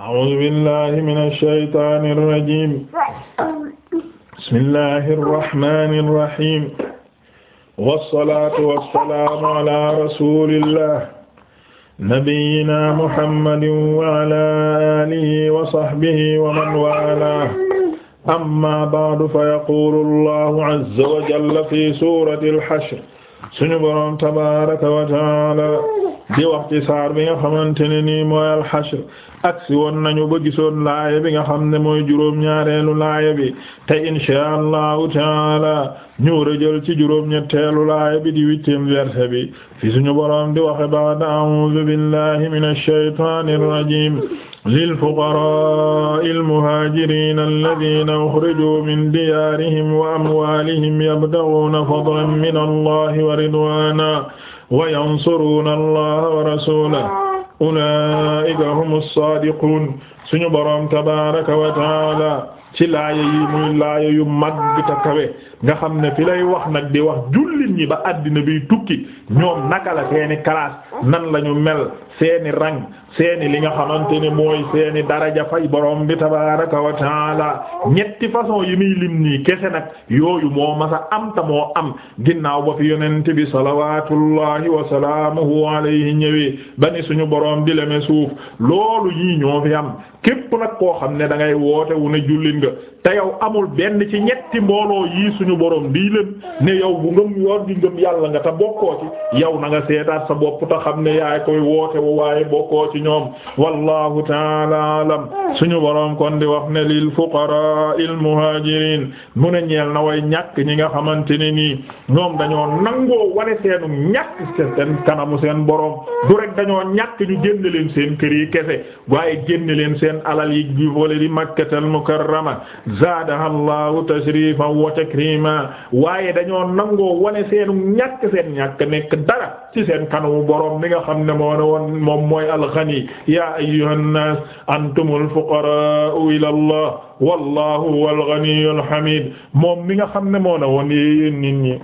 أعوذ بالله من الشيطان الرجيم بسم الله الرحمن الرحيم والصلاة والسلام على رسول الله نبينا محمد وعلى آله وصحبه ومن والاه أما بعد فيقول الله عز وجل في سورة الحشر suñu boroom tabaraka wa taala di wax ci saar bi nga xamante ne nii mooy a agsi woon nañu ba gisoon laaya bi nga xam ne mooy juróom-ñaareelu laaya bi te inshaa allahu taala ñu war a jël ci juróom-ñetteelu laaya bi di huitième verset bi fi suñu boroom di waxe ba'da a'uuzu billahi minash shaytaanir rajiim للفقراء المهاجرين الذين أخرجوا من ديارهم وأموالهم يبتغون فضلا من الله ورضوانا وينصرون الله ورسوله أولئك هم الصادقون suñu boroom tabaaraka wa ta'aala ci laaya yi muy laaya yu màgg ta kawe nga xam ne fi lay wax nag di wax jullit ñi ba àddina biy tukki ñoom naka la seeni classe nan lañu mel seeni rang seeni li nga xamante ne mooy seeni daraja fay borom bi tabaraka wa taala ñetti façon yi muy lim nii kese nag yooyu moo masa am ta moo am ginnaaw ba fi yonent bi salawatullahi wa salaamuhu alayhi ñëwee ba ni suñu borom di leme suuf loolu yii ñoo fi am képp nag koo xam ne da ngay ne jullit nga te yow amul benn ci ñetti mbooloo yii suñu boroom bii leen ne yow bu ngëm yor di ngëm yàlla nga te bokkoo ci yow na nga seetaat sa bopp te xam ne yaay koy woote wu waaye bokkoo ci ñoom wallahu taala alam suñu borom kon di wax ne lil fuqara il muhajirin mu ne ñeel na way ñàkk ñi nga xamante ne nii ñoom dañoo nangoo wane seenu ñàkk seen kanamu seen borom du rek dañoo ñàkk ñu génn leen seen kër yi kese waaye génn leen seen alal yi di volé di salama zaadaha allahu tashrifan wa takrima waaye dañoo nangoo wane seenu ñàkk seen ñàkk nekk dara ci seen kanamu borom mi nga xam ne moo ne woon moom mooy alxani ya ayyuhan nas antumul fuqara ila allah wallahu huwal ghaniyyul hamid moom mi nga xam ne moo ne woon yéen nit ñi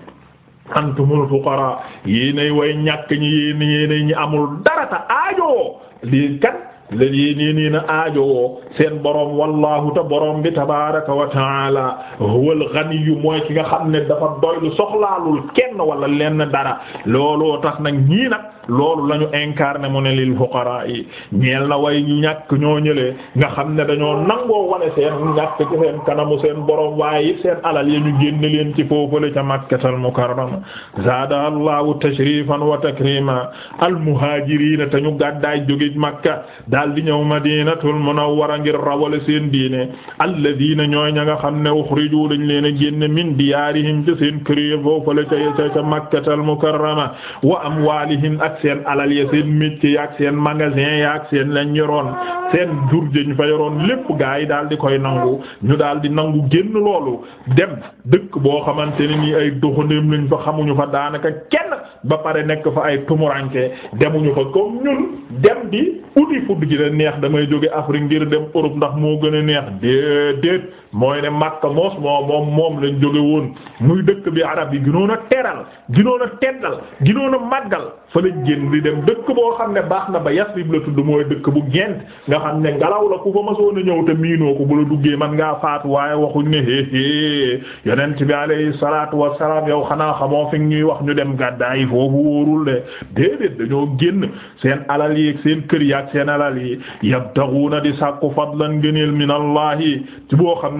antumul fuqara yéenay way ñàkk ñi yéen yéenay ñi amul dara ta aajoo lii kat leen yi nii nii na aajowoo seen boroom wallahu te boroom bi tabaraka wa taala huwal ghaniyu mooy ki nga xam ne dafa doylu soxlaalul kenn wala lenn dara looloo tax nag ñii nag loolu la ñu incarné mu ne lil fuqara yi ñeel way ñàkk ñoo ñëlee nga xam ne dañoo nangoo wane seen ñàkk ci seen kanamu seen borom waaye it seen alal ya ñu génne leen ci foofale ca makkatal mukarrama zaada allahu tashrifan wa takrima al muhajirina te ñu gàddaay jóge makka daal di ñëw madinatul munawwara ngir rawale seen diine alladina ñooy ña nga xam ne ukhriju dañ leen a génne min diyaarihim ci seen kër foofale ca ca makkatal mukarrama wa amwalihim yaag seen alal ya seen métier yaag seen magasin yaag seen lañ yoroon seen jur jëñ fa yoroon lépp gaa yi daal di koy nangu ñu daal di nangu génn loolu dem dëkk boo xamante ne nii ay doxandéem lañ fa xamuñu fa daanaka kenn ba pare nekk fa ay tumuranke demuñu fa comme ñun dem di uti fudd gi la neex damay jóge Afrique ngir dem Europe ndax moo gën a neex déedéet mooy ne Makka moos moo moom moom lañ jóge woon muy dëkk bi arab yi ginoon a teral ginoon a teddal ginoon a màggal fa la génn di dem dëkk boo xam ne baax na ba Yasrib la tudd mooy dëkk bu gent nga xam ne ngelaw la ku fa masoon a ñëw te miinoo ko bu la duggee man ngaa faatu waaye waxuñ ne héehée yonent bi alayhi salaatu wassalaam yow xanaa xamoo fi ñuy wax ñu dem gàddaay yi foofu wóorul de déedéet dañoo génn seen alal yi ak seen kër yi ak seen alal yi yabtaxuuna di sàkku fadlan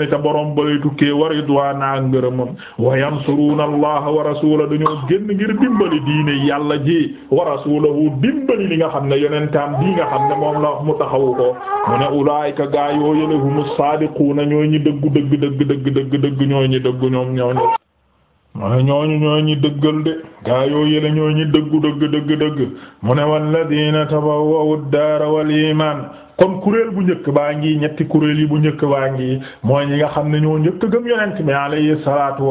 ni te borom balay tukkee wa ridwaana ngërëmam wa yansuruuna allaha wa rasula dañoo génn ngir dimbali diine yàlla ji wa rasulahu dimbali li nga xam ne yonentam bii nga xam ne moom la wax mu taxawu ko mu ne ulaayika gaa yoo yële humu saadiquuna ñooy ñi dëggu dëgg dëgg dëgg dëgg dëgg ñooy ñi dëggu ñoom ñooñu mu ne ñoo ñi dëggal de gaa yoo yële ñoo ñi dëggu dëgg dëgg dëgg mu ne walladina tabawwa'u ad-daara wal iimaan kon kuréel bu njëkk baa ngi ñetti kuréel yi bu njëkk baa ngi mooy ñi nga xam ne ñoo njëkk gëm yonent bi alayhi salaatu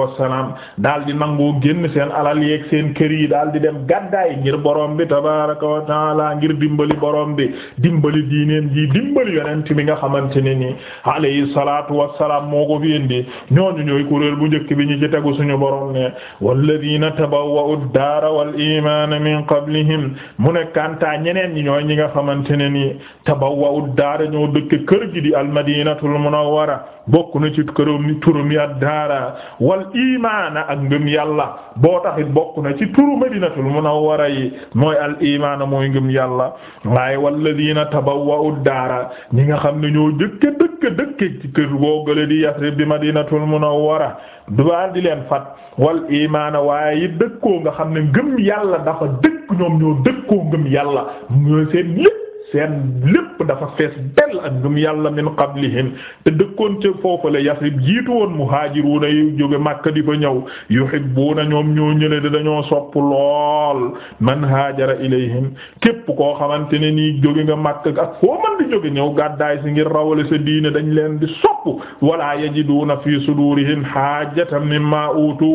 di nangoo génn seen alal yeeg seen kër yi daal di dem gàddaay ngir borom bi tabaaraka wa taala ngir dimbali borom bi dimbali diineen ji dimbali yonent bi nga xamante ne ni alayhi salaatu wassalaam moo ko fi indi ñooñu ñooy kuréel bu njëkk bi ñu ci tegu suñu borom ne walladiina tabawwa'u ad-daara wal iimaana min qablihim mu ne kanta ñeneen ñi ñooy ñi nga xamante ne ni tabawwa waawut daara ñoo dëkk kër gi di almadinatul munawwara bokk na ci kër ni turam yi ak daara wal imaana ak ngëm yàlla boo taxit bokk na ci turu madinatul munawwara yi mooy al imaana mooy ngëm yàlla waaye walladina tabawwa'u daara ñi nga xam ne ñoo jëkke dëkk dëkk ci kër googale di yasrib di madinatul munawwara dubaal di leen fat wal imaana waaye yi dëkkoo nga xam ne ngëm yàlla dafa dëkk ñoom ñoo dëkkoo ngëm yàlla ñoo seen lépp seen lépp dafa fees bell ak ngëm yàlla min qablihim te dëkkoon ca foofale yasrib jiitu woon mu muhaajiruuna yu jóge Makka di fa ñëw yuhibbuuna ñoom ñoo ñële de dañoo sopp lool man haajara ilayhim képp koo xamante ne nii jóge nga Makka ak foo mën di jóge ñëw gàddaay si ngir rawale sa diine dañ leen di sopp wala yajiduuna fi sudurihim haajatan mimma utu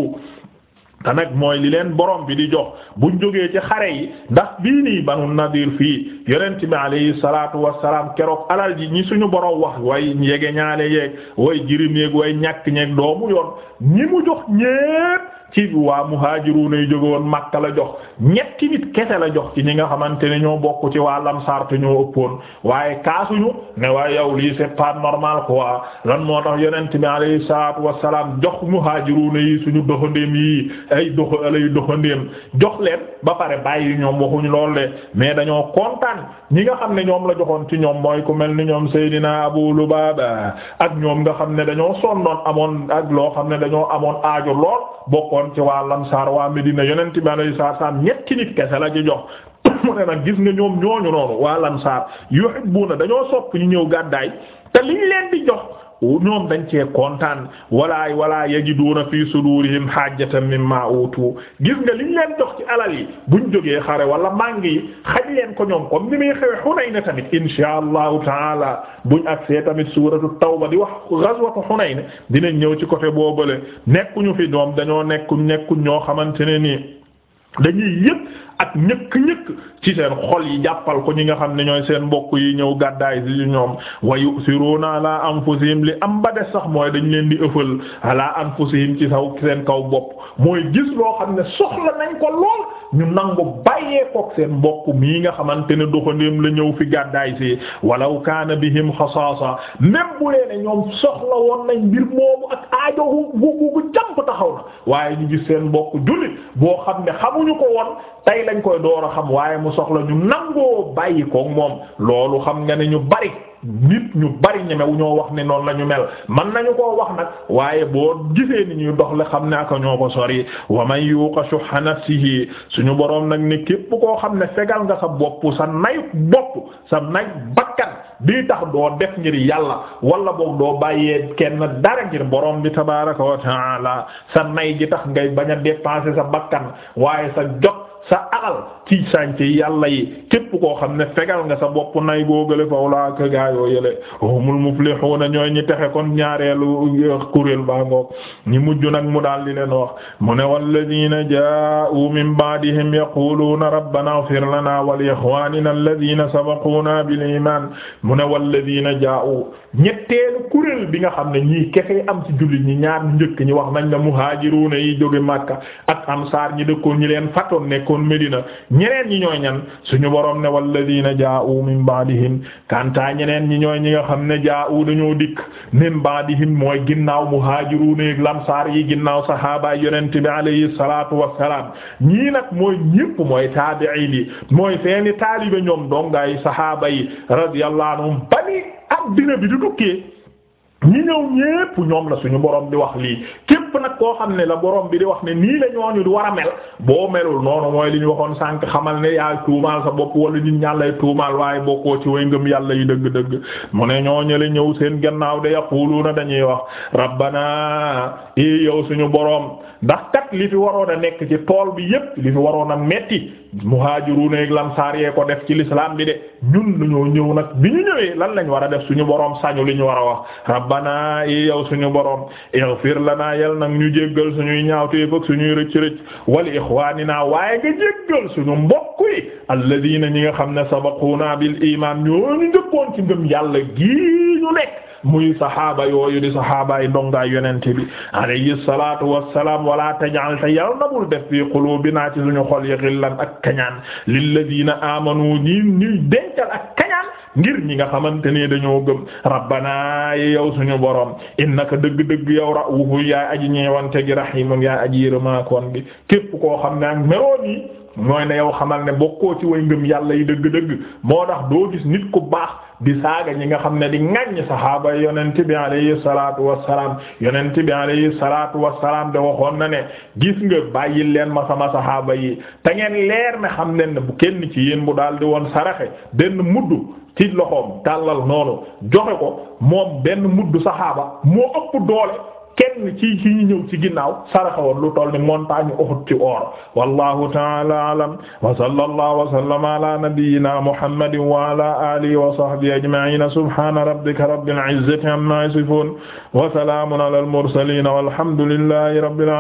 te nag mooy li leen borom bi di jox buñ jógee ci xare yi ndax bii nii banu nadir fii yonent bi alayhi salaatu salaam keroog alal ji ñi suñu borom wax way yege ñaale yeeg way jirim yeeg way ñàkk ñeeg doomu yoon ñi mu jox ñépp ci waa muhaajiruuna yi jóge woon Makka la jox ñetti nit kese la jox ci ñi nga xamante ne ñoo bokku ci waa lamsaar te ñoo ëppoon waaye kaasu ñu ne waaye yow lii c'est pas normal quoi lan moo tax yonent bi alayhi salaatu wassalaam jox muhaajiruuna yi suñu doxandéem yi ay dox alay doxandéem jox leen ba pare bàyyi ñoom waxuñ lool de mais dañoo kontaan ñi nga xam ne ñoom la joxoon ci ñoom mooy ku mel ni ñoom naa Abu Lubaaba ak ñoom nga xam ne dañoo sonnoon amoon ak loo xam ne dañoo amoon aaju lool bokk woon ci waa Lamsaar waa Medina yonent saar alayhi salaam ñetti nit kese la ci jox mu ne nag gis nga ñoom ñooñu noonu waa Lamsaar na dañoo sopp ñu ñëw gàddaay te liñ leen di jox. ñoom dañ cee kontaan walaay walaa yajiduuna fii sudurihim hajjatan mimma utu gis nga liñ leen jox ci alal yi buñ jógee xare wala màng yi xaj leen ko ñoom comme ni muy xewe Hunayna tamit insha allahu taala buñ agsee tamit suuratu tawba di wax ghazwatu Hunayna dinañ ñëw ci côté boobale nekkuñu fi ñoom dañoo nekku nekkuñ ñoo xamante ne nii dañuy yëpp ak ñëkk-ñëkk ci seen xol yi jàppal ko ñi nga xam ne ñooy seen mbokk yi ñëw gàddaay si ñoom wa yusiruna ala anfusihim li am ba des sax mooy dañ leen di ëffal ala anfusihim ci saw seen kaw bopp mooy gis loo xam ne soxla nañ ko lool ñu nangu bàyyee koog seen mbokk mii nga xamante ne doxandéem la ñëw fi gàddaay si walaw kaana bihim xasaasa même bu lee ne ñoom soxla woon nañ mbir moomu ak aajo gu gu gu taxaw na waaye ñu gis seen mbokk jullit boo xam ne xamuñu ko woon tey lañ koy door a xam waaye mu soxla ñu nangoo bàyyi koog moom loolu xam nga ne ñu bari nit ñu bari ñemewu ñoo wax ne noonu la ñu mel man nañu koo wax nag waaye boo gisee ni ñuy dox la xam ne aka ñoo ko sori wa man yuqa shuhha nafsihi suñu boroom nag ne képp koo xam ne fegal nga sa bopp sa nay bopp sa nay bakkan bii tax doo def ngir yàlla wala boog doo bàyyee kenn dara ngir borom bi tabaaraka wa taala sa nay gi tax ngay bañ a dépenser sa bakkan waaye sa jot sa alal ci sànce yàlla yi képp koo xam ne fegal nga sa bopp nay góogale fa wala ka gaayoo yële humul muflihuna ñooy ñi texe kon ñaareelu euh, kuréel baa ngoog ñi mujj nag mu daal di leen wax mu ne walladina jaa'u min ba'dihim yaquluna rabbana ighfir lana wa li ikhwanina alladina sabaquna bil mu ne walladina jaa'u ñetteelu kuréel bi nga xam ne ñii kese am si jullit ñi ñaar njëkk ñi wax nañ la muhaajiruuna yi jóge Makka ak ansaar ñi dëkkoon ñi leen fatoon nekkoon Medina ñeneen ñi ñooy ñan suñu borom ne walladina jaa'u min ba'dihim kantaa ñeneen ñi ñooy ñi nga xam ne jaa'u dañoo dikk min ba'dihim mooy ginnaaw muhaajiruuna yi lamsaar yi ginnaaw sahaaba yonent bi alayhi salaatu wassalaam ñii nag mooy ñépp mooy taabi'iin yi mooy seeni taalibe ñoom dongaay sahaaba yi radiyallahu anhum ba ni addina bi di dukkee ñi ñëw ñépp ñoom la suñu borom di wax lii képp nag koo xam ne la boroom bi di wax ne nii la ñooñu di war a mel boo melul noonu mooy li ñu waxoon sànq xamal ne yaa tuumaal sa bopp wala nit ñaa tuumaal waaye bokkoo ci way ngëm yàlla yi dëgg-dëgg mu ne ñoo la ñëw seen gannaaw de yaquluuna dañuy wax rabbana i yow suñu borom ndax kat li fi waroon a nekk ci tool bi yépp li fi waroon a metti muhaajiruun ak lamsaar yee ko def ci lislaam bi de ñun dañoo ñëw nag bi ñu ñëwee lan lañ war a def suñu boroom sañu li ñu war a wax rabbana yi yow suñu boroom ighfir lana yal nag ñu jéggal suñuy ñaawteef ak suñuy rëcc rëcc wali ixwaanina waaye nga jéggal suñu mbokk yi alladina ñi nga xam ne sabaquna bil iman ñoo ñu njëkkoon ci ngëm yàlla gi ñu nekk muy saxaaba yooyu di saxaabaay ndongaay yonent bi alayhi salaatu wassalaam wala taj'al te yàlla na bul def fi quluubinaa ci suñu xol yi xillan ak kañaan lilladiina aamanu ñi ñuy dencal ak kañaan ngir ñi nga xamante ne dañoo gëm rabbana yow suñu borom innaka dëgg-dëgg yow ra'uufu yaay aji ñeewante gi rahiimun yaay aji yërëmaa koon gi képp koo xam ne ak mooy ne yow xamal ne bokkoo ci way ngëm yàlla yi dëgg-dëgg moo tax doo gis nit ku baax di saaga ñi nga xam ne di ŋaññ saxaaba yonent bi alayhi salaatu wassalaam yonent bi alayhi salaatu salaam de waxoon na ne gis nga bàyyil leen ma sama saxaaba yi te ngeen leer ne xam leen ne bu kenn ci yéen bu daal di woon saraxe benn mudd ci loxoom tàllal noonu joxe ko moom benn mudd saxaaba moo ëpp doole kenn ci ci ñu ñëw ci ginnaaw saraxa woon lu toll ni montagne Uhud ci or wallahu ta'ala a'lam wa sallallahu wa sallama ala nabiyyina muhammadin wa ala alihi wa sahbihi ajma'ina subhana rabbika rabbil izzati amma yasifun wa salamun ala al mursalin walhamdulillahi rabbil alamin